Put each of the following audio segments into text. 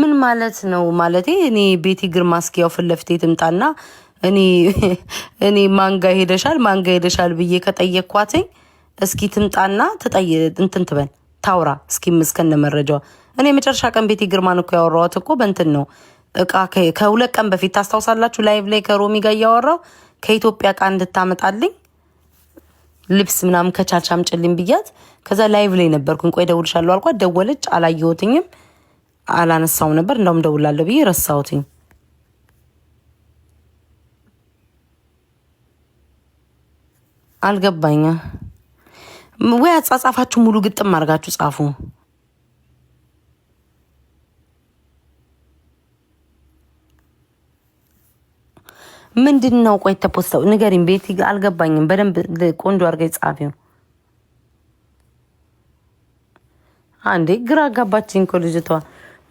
ምን ማለት ነው? ማለት እኔ ቤቲ ግርማ እስኪያው ፊት ለፊቴ ትምጣና እኔ እኔ ማንጋ ሄደሻል ማንጋ ሄደሻል ብዬ ከጠየቅኳትኝ እስኪ ትምጣና ተጠየ እንትን ትበል ታውራ እስኪ ምስከነ መረጃዋ። እኔ የመጨረሻ ቀን ቤቲ ግርማን እኮ ያወራኋት እኮ በእንትን ነው እቃ ከሁለት ቀን በፊት ታስታውሳላችሁ፣ ላይቭ ላይ ከሮሚ ጋር እያወራው ከኢትዮጵያ እቃ እንድታመጣልኝ ልብስ ምናምን ከቻልሽ አምጪልኝ ብያት። ከዛ ላይቭ ላይ ነበርኩኝ። ቆይ ደውልሻለሁ አልኳት። ደወለች፣ አላየሁትኝም አላነሳውም ነበር። እንደውም ደውላለሁ ብዬ ረሳሁትኝ። አልገባኛ ወይ አጻጻፋችሁ ሙሉ ግጥም አድርጋችሁ ጻፉ። ምንድን ነው ቆይ ተፖስተው ንገሪኝ። ቤት አልገባኝም። በደንብ ቆንጆ አድርገሽ ጻፊው። አንዴ ግራ አጋባችኝ እኮ ልጅቷ።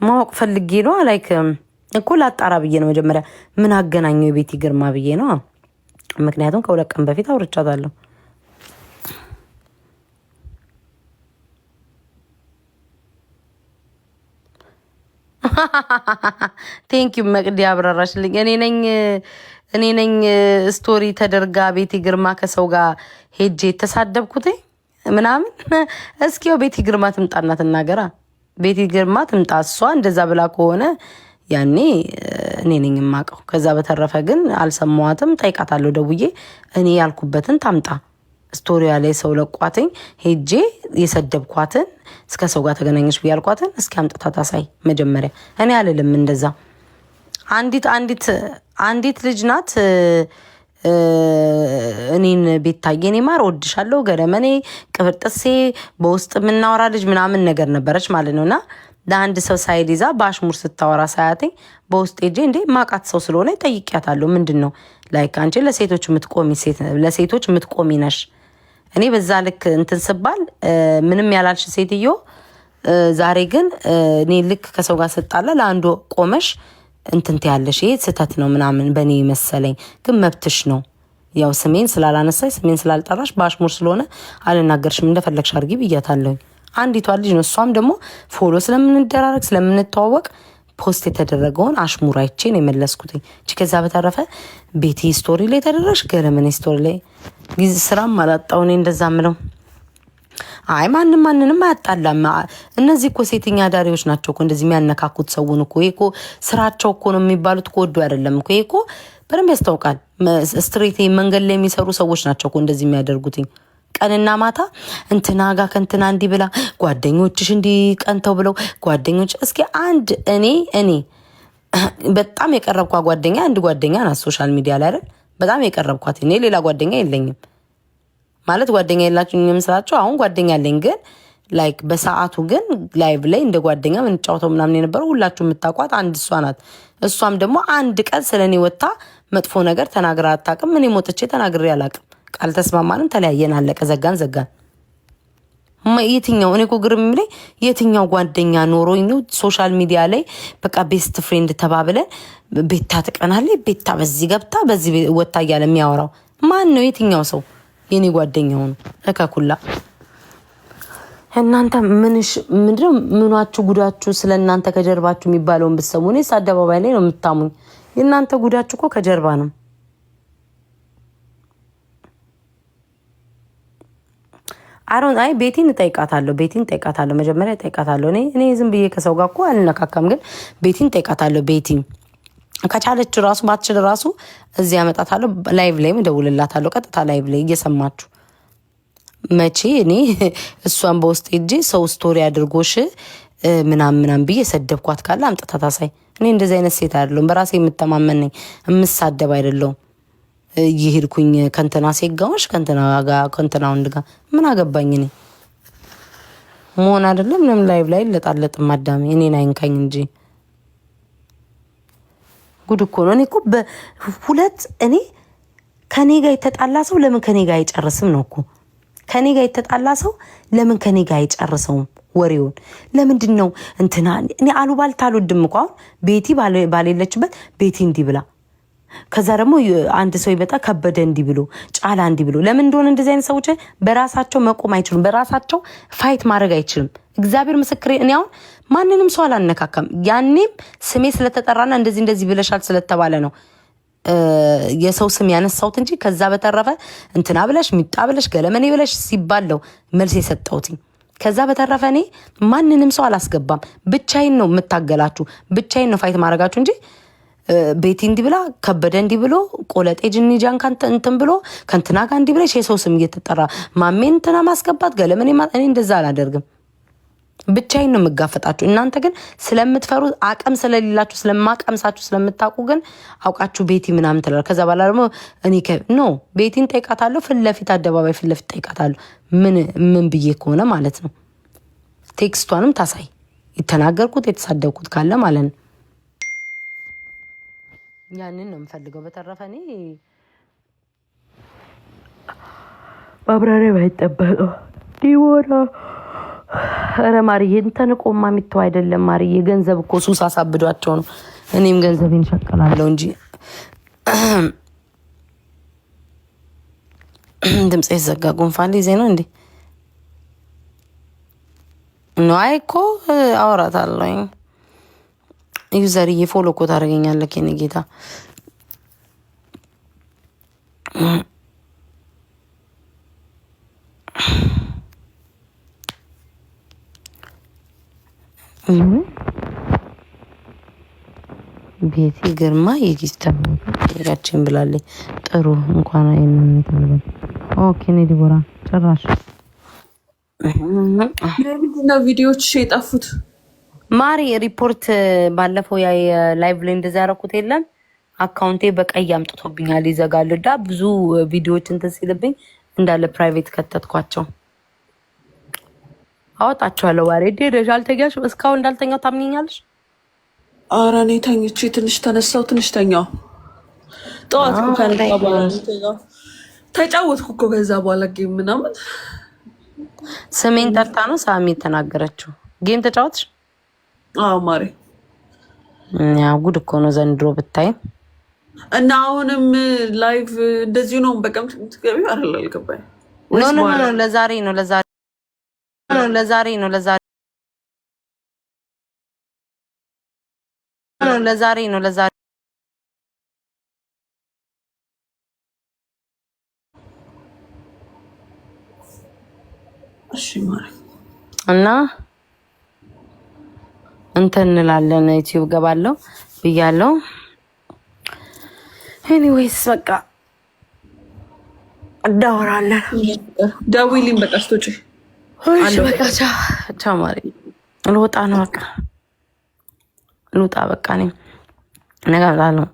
ማወቅ ፈልጌ ነው። ላይክ እኮ ላጣራ ብዬ ነው መጀመሪያ ምን አገናኘው የቤቲ ግርማ ብዬ ነው። ምክንያቱም ከሁለት ቀን በፊት አውርቻታለሁ። ቴንኪዩ መቅዲ አብራራሽልኝ። እኔ ነኝ እኔ ነኝ ስቶሪ ተደርጋ ቤቲ ግርማ ከሰው ጋር ሄጄ የተሳደብኩት ምናምን። እስኪው ቤቴ ቤቲ ግርማ ትምጣና ትናገራ። ቤቲ ግርማ ትምጣ። እሷ እንደዛ ብላ ከሆነ ያኔ እኔ ነኝ የማውቀው። ከዛ በተረፈ ግን አልሰማዋትም። ጠይቃታለሁ ደውዬ እኔ ያልኩበትን ታምጣ። ስቶሪያ ላይ ሰው ለቋትኝ ሄጄ የሰደብኳትን እስከ ሰው ጋር ተገናኘች ብዬ ያልኳትን እስኪ አምጥታ ታሳይ መጀመሪያ። እኔ አልልም እንደዛ። አንዲት አንዲት አንዲት ልጅ ናት እኔን ቤታዬ እኔ ማር ወድሻለሁ ገረመኔ ቅብርጥሴ በውስጥ የምናወራ ልጅ ምናምን ነገር ነበረች ማለት ነውና ለአንድ ሰው ሳይድ ይዛ በአሽሙር ስታወራ ሳያትኝ በውስጥ ሄጄ እንዴ ማቃት ሰው ስለሆነ ጠይቂያታለሁ። ምንድን ነው ላይክ አንቺ ለሴቶች የምትቆሚ ሴት ለሴቶች የምትቆሚ ነሽ። እኔ በዛ ልክ እንትን ስባል ምንም ያላልሽ ሴትዮ ዛሬ ግን እኔ ልክ ከሰው ጋር ስጣላ ለአንዱ ቆመሽ እንትንት ያለሽ ይሄ ስህተት ነው ምናምን በእኔ መሰለኝ፣ ግን መብትሽ ነው። ያው ስሜን ስላላነሳሽ ስሜን ስላልጠራሽ በአሽሙር ስለሆነ አልናገርሽም፣ እንደፈለግሽ አድርጊ ብያታለሁኝ። አንዲቷ ልጅ ነው እሷም ደግሞ ፎሎ ስለምንደራረግ ስለምንተዋወቅ ፖስት የተደረገውን አሽሙር አይቼ ነው የመለስኩትኝ እ ከዚያ በተረፈ ቤቴ ስቶሪ ላይ ተደረሽ ገረመኔ ስቶሪ ላይ ስራም አላጣውኔ እንደዛ ምለው አይ ማንም ማንንም አያጣላም። እነዚህ እኮ ሴተኛ አዳሪዎች ናቸው እኮ እንደዚህ የሚያነካኩት ሰውን እኮ ይሄ እኮ ስራቸው እኮ ነው የሚባሉት እኮ ወዶ አይደለም እኮ ይሄ እኮ በደንብ ያስታውቃል። ስትሬት መንገድ ላይ የሚሰሩ ሰዎች ናቸው እኮ እንደዚህ የሚያደርጉትኝ ቀንና ማታ እንትና ጋ ከንትና እንዲህ ብላ ጓደኞችሽ ቀንተው ብለው ጓደኞች እስኪ አንድ እኔ እኔ በጣም የቀረብኳ ጓደኛ አንድ ጓደኛ ናት ሶሻል ሚዲያ ላይ አይደል? በጣም የቀረብኳት እኔ ሌላ ጓደኛ የለኝም። ማለት ጓደኛ የላችሁኝም ስላቸው አሁን ጓደኛ አለኝ ግን ላይክ በሰዓቱ ግን ላይቭ ላይ እንደ ጓደኛ ምንጫወተው ምናምን የነበረው ሁላችሁ የምታውቋት አንድ እሷ ናት። እሷም ደግሞ አንድ ቀን ስለ እኔ ወጥታ መጥፎ ነገር ተናግራ አታውቅም። እኔ ሞጥቼ ተናግሬ አላውቅም። ቃል ተስማማንም፣ ተለያየን፣ አለቀ፣ ዘጋን ዘጋን። የትኛው እኔ እኮ ግርም ላይ የትኛው ጓደኛ ኖሮኝ ነው ሶሻል ሚዲያ ላይ በቃ ቤስት ፍሬንድ ተባብለን ቤታ ትቀናለች፣ ቤታ በዚህ ገብታ በዚህ ወታ እያለ የሚያወራው ማን ነው? የትኛው ሰው የኔ ጓደኛ ሆኑ ረካኩላ እናንተ ምንሽ ምንድነው? ምኗችሁ ጉዳችሁ? ስለ እናንተ ከጀርባችሁ የሚባለውን ብትሰሙ፣ እኔስ አደባባይ ላይ ነው የምታሙኝ። የእናንተ ጉዳችሁ እኮ ከጀርባ ነው። አሮን አይ ቤቲን እጠይቃታለሁ፣ ቤቲን እጠይቃታለሁ። መጀመሪያ እጠይቃታለሁ። እኔ እኔ ዝም ብዬ ከሰው ጋር እኮ አልነካካም፣ ግን ቤቲን እጠይቃታለሁ። ቤቲን ከቻለች ራሱ ባትችል ራሱ እዚህ ያመጣታለሁ። ላይቭ ላይም እደውልላታለሁ። ቀጥታ ላይቭ ላይ እየሰማችሁ መቼ እኔ እሷን በውስጥ ሄጄ ሰው ስቶሪ አድርጎሽ ምናም ምናም ብዬ የሰደብኳት ካለ አምጥታ ታሳይ። እኔ እንደዚህ አይነት ሴት አይደለሁም። በራሴ የምተማመን ነኝ። የምሳደብ አይደለሁም። እየሄድኩኝ ከንትና ሴት ጋር ከንትና ወንድ ምን አገባኝ? እኔ መሆን አይደለም። ምንም ላይቭ ላይ ለጣለጥ ማዳሜ እኔን አይንካኝ እንጂ ጉድ እኮ ነው። እኔ እኮ በሁለት እኔ ከኔ ጋር የተጣላ ሰው ለምን ከኔ ጋር አይጨርስም ነው እኮ ከኔ ጋር የተጣላ ሰው ለምን ከኔ ጋር አይጨርሰውም? ወሬውን ለምንድን ነው እንትና? እኔ አሉባልታ አልወድም እኮ አሁን ቤቲ ባሌለችበት ቤቲ እንዲህ ብላ ከዛ ደግሞ አንድ ሰው ይመጣ ከበደ እንዲህ ብሎ ጫላ እንዲህ ብሎ ለምን እንደሆነ እንደዚህ አይነት ሰዎች በራሳቸው መቆም አይችሉም። በራሳቸው ፋይት ማድረግ አይችልም። እግዚአብሔር ምስክሬ፣ እኔ አሁን ማንንም ሰው አላነካከም። ያኔም ስሜ ስለተጠራና እንደዚህ እንደዚህ ብለሻል ስለተባለ ነው የሰው ስም ያነሳሁት እንጂ ከዛ በተረፈ እንትና ብለሽ ሚጣ ብለሽ ገለመኔ ብለሽ ሲባለው መልስ የሰጠሁት ከዛ በተረፈ እኔ ማንንም ሰው አላስገባም። ብቻዬን ነው የምታገላችሁ፣ ብቻዬን ነው ፋይት ማድረጋችሁ እንጂ ቤቲ እንዲህ ብላ ከበደ እንዲህ ብሎ ቆለጤ ጅኒጃን እንትን ብሎ ከንትና ጋር እንዲህ ብላ ሰው ስም እየተጠራ ማሜን እንትና ማስገባት ገለምን እኔ እንደዛ አላደርግም። ብቻዬን ነው የምጋፈጣችሁ። እናንተ ግን ስለምትፈሩ አቅም ስለሌላችሁ ስለማቀምሳችሁ ስለምታውቁ ግን አውቃችሁ ቤቲ ምናምን ትላል። ከዛ በኋላ ደግሞ እኔ ኖ ቤቲን ጠይቃታለሁ፣ ፍለፊት አደባባይ ፍለፊት ጠይቃታለሁ። ምን ምን ብዬ ከሆነ ማለት ነው ቴክስቷንም ታሳይ የተናገርኩት የተሳደብኩት ካለ ማለት ነው። ያንን ነው የምፈልገው። በተረፈ እኔ ማብራሪያ ባይጠበቀው ዲቦራ ኧረ ማርዬ እንትን ቆማ የሚተው አይደለም ማርዬ። ገንዘብ እኮ ሱስ አሳብዷቸው ነው። እኔም ገንዘቤን ሸቀላለሁ እንጂ ድምፅ የተዘጋ ጉንፋን ዜ ነው እንዴ? ነዋይ እኮ አወራታለሁኝ። ዩዘርዬ ፎሎ እኮ ታደርገኛለህ የእኔ ጌታ። ቤቴ ግርማ የጊስታ ጋችን ብላለች። ጥሩ እንኳን ኦኬ። እኔ ዲቦራ ጭራሽ ምንድነው ቪዲዮዎች የጠፉት? ማሪ ሪፖርት ባለፈው ያ ላይቭ ላይ እንደዛ ያደረኩት የለም አካውንቴ በቀይ አምጥቶብኛል ይዘጋል ዳ ብዙ ቪዲዮዎች እንትን ሲልብኝ እንዳለ ፕራይቬት ከተትኳቸው አወጣቸዋለሁ። ዋሬ ሄደሽ አልተኛሽ እስካሁን እንዳልተኛው ታምኘኛለሽ? ኧረ እኔ ተኝቼ ትንሽ ተነሳው ትንሽ ተኛው ጠዋት ተጫወትኩ እኮ ከዛ በኋላ ጌም ምናምን ስሜን ጠርታ ነው ሳሚ የተናገረችው ጌም ተጫወትሽ አዎ ማሬ፣ ያው ጉድ እኮ ነው ዘንድሮ ብታይ። እና አሁንም ላይቭ እንደዚሁ ነው። በቀም ትገቢ አይደል? አልገባኝ። ኖ ኖ ኖ፣ ለዛሬ ነው ለዛሬ ነው ለዛሬ ነው ለዛሬ ነው ለዛሬ ነው ለዛሬ እና እንትን እንላለን። ዩቲዩብ ገባለው ብያለው። ኤኒዌይስ በቃ እዳወራለን። ደውይልኝ በቃ ስትወጪ። በቃ ቻው ማሪ፣ ልወጣ ነው በቃ ልውጣ በቃ እኔ ነገ እመጣለሁ።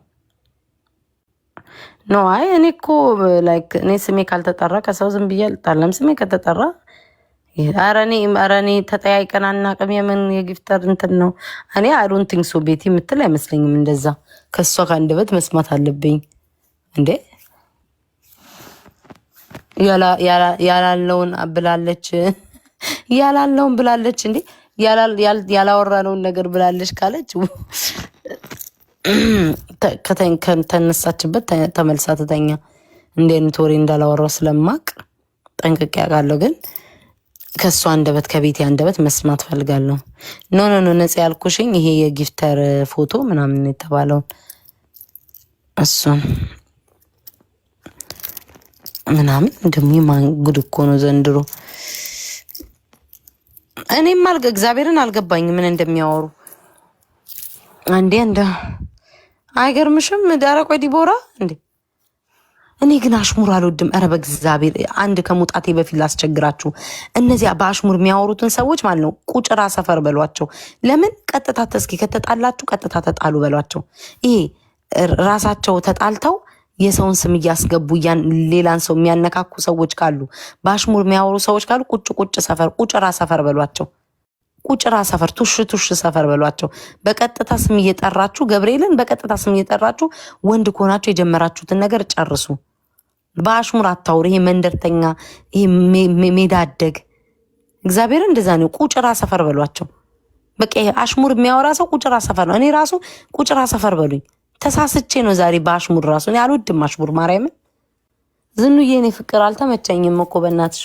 ኖ አይ እኔ እኮ ላይክ እኔ ስሜ ካልተጠራ ከሰው ዝም ብዬ አልጣለም። ስሜ ከተጠራ ኧረ እኔ ኧረ ተጠያይቀን አናቅም። የምን የጊፍተር እንትን ነው? እኔ አዶንት ቲንክ ሶ ቤት የምትል አይመስለኝም። እንደዛ ከእሷ ከአንደበት መስማት አለብኝ እንዴ ያላለውን ብላለች፣ ያላለውን ብላለች እንዴ ያላወራነውን ነገር ብላለች ካለች ከተነሳችበት ተመልሳ ትተኛ። እንደ አይነት ወሬ እንዳላወራው ስለማቅ ጠንቅቄ አውቃለሁ ግን ከእሱ አንደበት ከቤቴ አንደበት መስማት ፈልጋለሁ። ኖ ኖ ኖ ነጽ ያልኩሽኝ ይሄ የጊፍተር ፎቶ ምናምን የተባለውን እሱን ምናምን ደግሞ ማንጉድ እኮ ነው ዘንድሮ። እኔም አልገ እግዚአብሔርን አልገባኝ ምን እንደሚያወሩ አንዴ እንደ አይገርምሽም? ደረቆ ዲቦራ እንዴ እኔ ግን አሽሙር አልወድም። ኧረ በእግዚአብሔር አንድ ከመውጣቴ በፊት ላስቸግራችሁ። እነዚያ በአሽሙር የሚያወሩትን ሰዎች ማለት ነው ቁጭራ ሰፈር በሏቸው። ለምን ቀጥታ ተስኪ ከተጣላችሁ ቀጥታ ተጣሉ በሏቸው። ይሄ ራሳቸው ተጣልተው የሰውን ስም እያስገቡ ሌላን ሰው የሚያነካኩ ሰዎች ካሉ፣ በአሽሙር የሚያወሩ ሰዎች ካሉ ቁጭ ቁጭ ሰፈር ቁጭራ ሰፈር በሏቸው። ቁጭራ ሰፈር ቱሽ ቱሽ ሰፈር በሏቸው። በቀጥታ ስም እየጠራችሁ ገብርኤልን በቀጥታ ስም እየጠራችሁ ወንድ ከሆናችሁ የጀመራችሁትን ነገር ጨርሱ። በአሽሙር አታውር። ይሄ መንደርተኛ፣ ይሄ ሜዳደግ እግዚአብሔር እንደዛ ነው። ቁጭራ ሰፈር በሏቸው። በቃ አሽሙር የሚያወራ ሰው ቁጭራ ሰፈር ነው። እኔ ራሱ ቁጭራ ሰፈር በሉኝ። ተሳስቼ ነው ዛሬ በአሽሙር ራሱ እኔ አልወድም አሽሙር። ማርያምን ዝኑዬ፣ እኔ ፍቅር አልተመቸኝም እኮ በእናትሽ።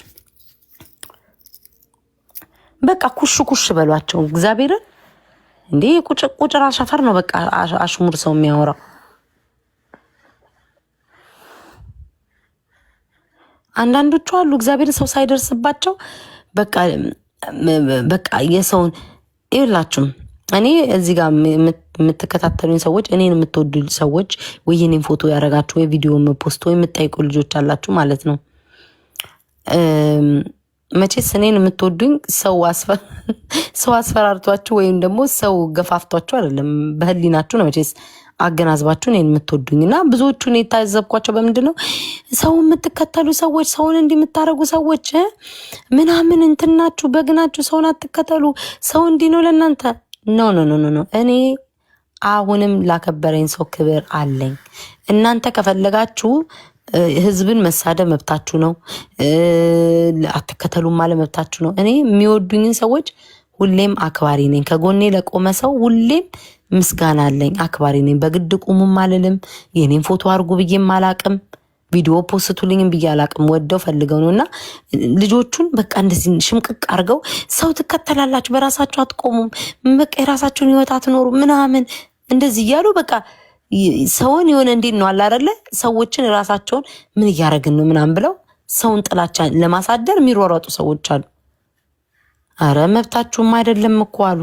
በቃ ኩሽ ኩሽ በሏቸው እግዚአብሔርን። እንዲህ ቁጭራ ሰፈር ነው። በቃ አሽሙር ሰው የሚያወራው አንዳንዶቹ አሉ እግዚአብሔር ሰው ሳይደርስባቸው በቃ የሰውን ይላችሁም እኔ እዚህ ጋር የምትከታተሉኝ ሰዎች እኔን የምትወዱ ሰዎች ወይ ፎቶ ያደረጋችሁ ወይ ቪዲዮ ፖስት ወይ የምጠይቁ ልጆች አላችሁ ማለት ነው። መቼስ እኔን የምትወዱኝ ሰው አስፈራርቷችሁ ወይም ደግሞ ሰው ገፋፍቷችሁ አይደለም፣ በህሊናችሁ ነው መቼስ አገናዝባችሁ እኔን የምትወዱኝ እና ብዙዎቹን የታዘብኳቸው በምንድን ነው ሰው የምትከተሉ ሰዎች፣ ሰውን እንዲህ የምታደርጉ ሰዎች ምናምን እንትናችሁ በግናችሁ ሰውን አትከተሉ፣ ሰው እንዲህ ነው ለእናንተ። ኖ ኖ ኖ ኖ፣ እኔ አሁንም ላከበረኝ ሰው ክብር አለኝ። እናንተ ከፈለጋችሁ ህዝብን መሳደብ መብታችሁ ነው። አትከተሉም ማለት መብታችሁ ነው። እኔ የሚወዱኝን ሰዎች ሁሌም አክባሪ ነኝ። ከጎኔ ለቆመ ሰው ሁሌም ምስጋና አለኝ። አክባሪ ነኝ። በግድ ቁሙም አልልም። የኔን ፎቶ አርጉ ብዬም አላቅም። ቪዲዮ ፖስቱልኝም ብዬ አላቅም። ወደው ፈልገው ነው እና ልጆቹን በቃ እንደዚህ ሽምቅቅ አርገው ሰው ትከተላላችሁ፣ በራሳቸው አትቆሙም፣ በቃ የራሳቸውን ህይወት አትኖሩ ምናምን እንደዚህ እያሉ በቃ ሰውን የሆነ እንዴት ነው አለ ሰዎችን ራሳቸውን ምን እያደረግን ነው ምናምን ብለው ሰውን ጥላቻ ለማሳደር የሚሯሯጡ ሰዎች አሉ። አረ መብታችሁም አይደለም እኮ አሉ።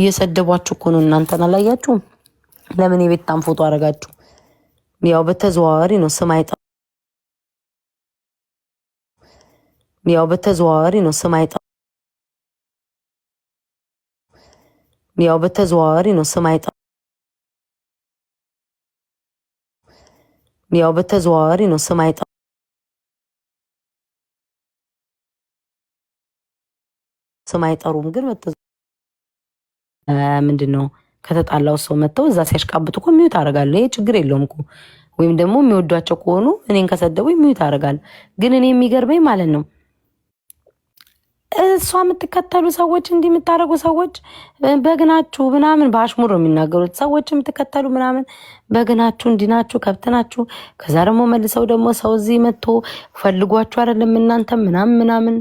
እየሰደቧችሁ እኮ ነው። እናንተን አላያችሁም? ለምን የቤታን ፎቶ አደረጋችሁ? ያው በተዘዋዋሪ ነው ስም አይጠፋ ያው በተዘዋዋሪ ነው ስም አይጠፋ ያው በተዘዋዋሪ ነው ስም አይጠፋ ያው በተዘዋዋሪ ነው ስም አይጠ ስም አይጠሩም፣ ግን ምንድን ነው ከተጣላው ሰው መጥተው እዛ ሲያሽቃብጡ እኮ ሚዩት አደርጋለሁ። ይሄ ችግር የለውም እኮ ወይም ደግሞ የሚወዷቸው ከሆኑ እኔን ከሰደቡ ሚዩት አደርጋለሁ። ግን እኔ የሚገርመኝ ማለት ነው እሷ የምትከተሉ ሰዎች እንዲህ የምታደርጉ ሰዎች በግናችሁ ምናምን በአሽሙር ነው የሚናገሩት። ሰዎች የምትከተሉ ምናምን በግናችሁ እንዲናችሁ ከብትናችሁ። ከዛ ደግሞ መልሰው ደግሞ ሰው እዚህ መጥቶ ፈልጓችሁ አይደለም እናንተ ምናምን ምናምን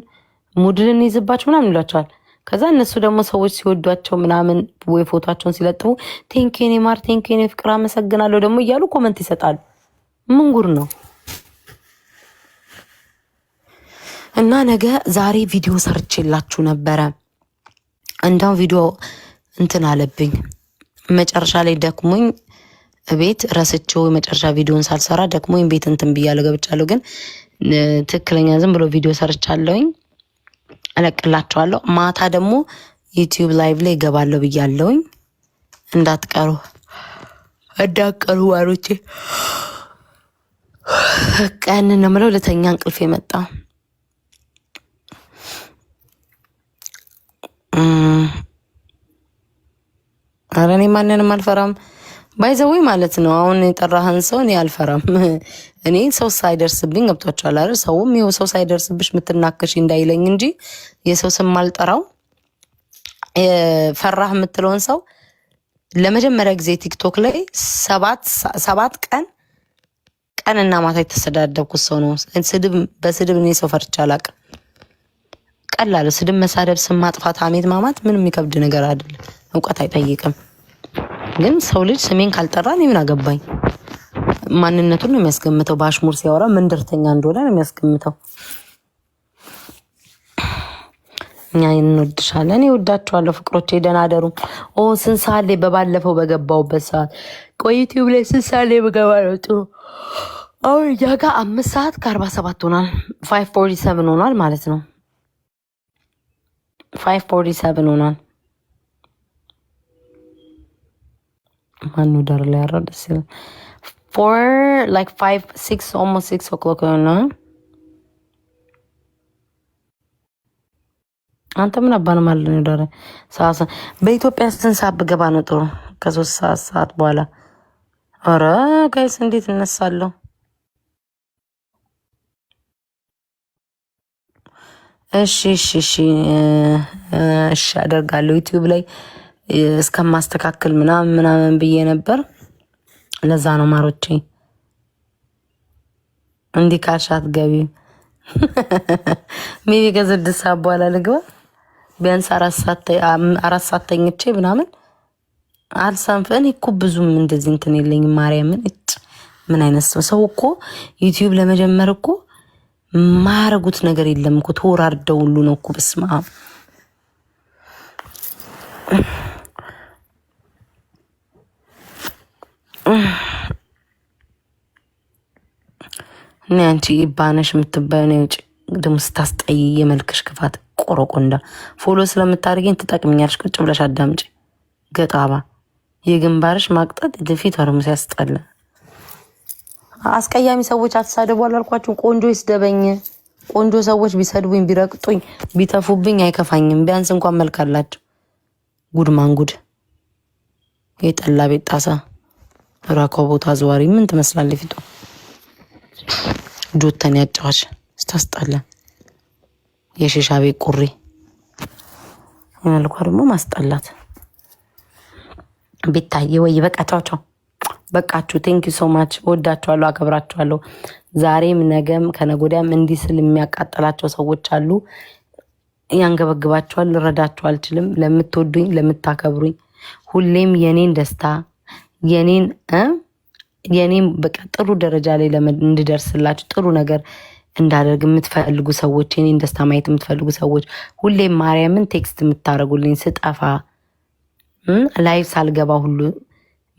ሙድልን ይዝባችሁ ምናምን ይሏቸዋል። ከዛ እነሱ ደግሞ ሰዎች ሲወዷቸው ምናምን ወይ ፎቷቸውን ሲለጥፉ ቴንኬኔ ማር ቴንኬኔ ፍቅር አመሰግናለሁ ደግሞ እያሉ ኮመንት ይሰጣሉ። ምንጉር ነው? እና ነገ ዛሬ ቪዲዮ ሰርቼላችሁ ነበረ። እንደውም ቪዲዮ እንትን አለብኝ መጨረሻ ላይ ደክሞኝ ቤት ረስቼው የመጨረሻ ቪዲዮን ሳልሰራ ደክሞኝ ቤት እንትን ብያለሁ ገብቻለሁ። ግን ትክክለኛ ዝም ብሎ ቪዲዮ ሰርቻለሁኝ እለቅላችኋለሁ። ማታ ደግሞ ዩቲዩብ ላይቭ ላይ እገባለሁ ብያለሁኝ። እንዳትቀሩ እንዳትቀሩ ዋሮቼ። ቀን ነው የምለው። ሁለተኛ እንቅልፍ የመጣ ኧረ እኔ ማንንም አልፈራም። ባይዘዌ ማለት ነው አሁን የጠራህን ሰው እኔ አልፈራም። እኔ ሰው ሳይደርስብኝ ገብቷቸዋል አይደል? ሰውም ይኸው ሰው ሳይደርስብሽ የምትናከሽ እንዳይለኝ እንጂ የሰው ስም አልጠራው። ፈራህ የምትለውን ሰው ለመጀመሪያ ጊዜ ቲክቶክ ላይ ሰባት ቀን ቀን እና ማታ የተሰዳደብኩት ሰው ነው። ስድብ በስድብ እኔ ሰው ፈርቼ አላቅም። ቀላል ስድብ፣ መሳደብ፣ ስም ማጥፋት፣ ሀሜት ማማት ምንም የሚከብድ ነገር አይደለም። እውቀት አይጠይቅም። ግን ሰው ልጅ ስሜን ካልጠራ እኔ ምን አገባኝ? ማንነቱን ነው የሚያስገምተው። በአሽሙር ሲያወራ መንደርተኛ እንደሆነ ነው የሚያስገምተው። እኛ እንወድሻለን፣ ይወዳችኋለሁ ፍቅሮቼ፣ ደህና አደሩ። ኦ ስንት ሰዓት ላይ በባለፈው በገባውበት ሰዓት ቆይ ላይ ስንት ሰዓት ላይ በገባ ነው አሁን እኛ ጋር አምስት ሰዓት ከአርባ ሰባት ሆኗል። ፋይቭ ፎርቲ ሰቨን ሆኗል ማለት ነው። ፋይቭ ፎርቲ ሰቨን ሆኗል። ማነው ዳር ላይ ያራ ደስ ይላል። ፎር ላይክ ፋይቭ ሲክስ ኦልሞስት ሲክስ ኦክሎክ የሆነ አንተ ምን አባን ማለት ነው ዳር ሰዓት በኢትዮጵያ ስንት ሰዓት ብገባ ነው ጥሩ? ከሶስት ሰዓት ሰዓት በኋላ ኧረ ጋይስ እንዴት እነሳለሁ? እሺ እሺ እሺ እሺ አደርጋለሁ ዩቲዩብ ላይ እስከማስተካከል ምናምን ምናምን ብዬ ነበር። ለዛ ነው ማሮቼ እንዲህ ካልሻት ገቢ ሜቢ ከስድስት ሰዓት በኋላ ልግባ ቢያንስ አራት ሰዓት ተኝቼ ምናምን አልሳንፍ። እኔ እኮ ብዙም እንደዚህ እንትን የለኝ ማርያምን እጭ ምን አይነት ሰው ሰው እኮ ዩቲዩብ ለመጀመር እኮ ማረጉት ነገር የለም እኮ ተወራርደው ሁሉ ነው እኮ በስመ አብ እኔ አንቺ ባነሽ የምትባዩ ነው። ውጭ ደግሞ ስታስጠይ የመልክሽ ክፋት ቆረቆንዳ ፎሎ ስለምታደርገኝ ትጠቅምኛለሽ። ቁጭ ብለሽ አዳምጪ። ገጣባ የግንባርሽ ማቅጠጥ ፊት ወርም ሲያስጠለ አስቀያሚ ሰዎች አትሳደቡ አላልኳችሁም? ቆንጆ ይስደበኝ። ቆንጆ ሰዎች ቢሰድቡኝ፣ ቢረቅጡኝ፣ ቢተፉብኝ አይከፋኝም። ቢያንስ እንኳን መልክ አላቸው። ጉድ ማንጉድ የጠላ ቤት ጣሳ ራኮ ቦታ ዘዋሪ ምን ትመስላለች ፊቷ? ጆተን ያጫዋች ስታስጣለን የሺሻ ቤት ቁሪ ምናልኳ ደግሞ ማስጠላት ቤታዬ ወይ በቃ ቻውቻው በቃችሁ። ዩ ሶ ማች ወዳችኋለሁ፣ አከብራችኋለሁ። ዛሬም ነገም ከነጎዳም እንዲህ ስል የሚያቃጠላቸው ሰዎች አሉ። ያንገበግባችኋል። ልረዳችሁ አልችልም። ለምትወዱኝ፣ ለምታከብሩኝ ሁሌም የኔን ደስታ የኔን እ የኔም በቃ ጥሩ ደረጃ ላይ እንድደርስላችሁ ጥሩ ነገር እንዳደርግ የምትፈልጉ ሰዎች፣ የኔን ደስታ ማየት የምትፈልጉ ሰዎች ሁሌም ማርያምን ቴክስት የምታደርጉልኝ ስጠፋ ላይቭ ሳልገባ ሁሉ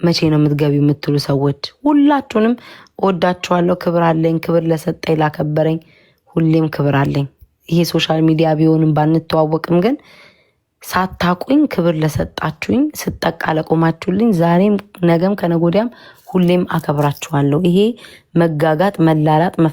መቼ ነው የምትገቢ የምትሉ ሰዎች ሁላችሁንም ወዳችኋለሁ። ክብር አለኝ። ክብር ለሰጠኝ ላከበረኝ ሁሌም ክብር አለኝ። ይሄ ሶሻል ሚዲያ ቢሆንም ባንተዋወቅም ግን ሳታቁኝ ክብር ለሰጣችሁኝ፣ ስጠቃ ለቆማችሁልኝ፣ ዛሬም ነገም ከነጎዲያም ሁሌም አከብራችኋለሁ። ይሄ መጋጋጥ፣ መላላጥ፣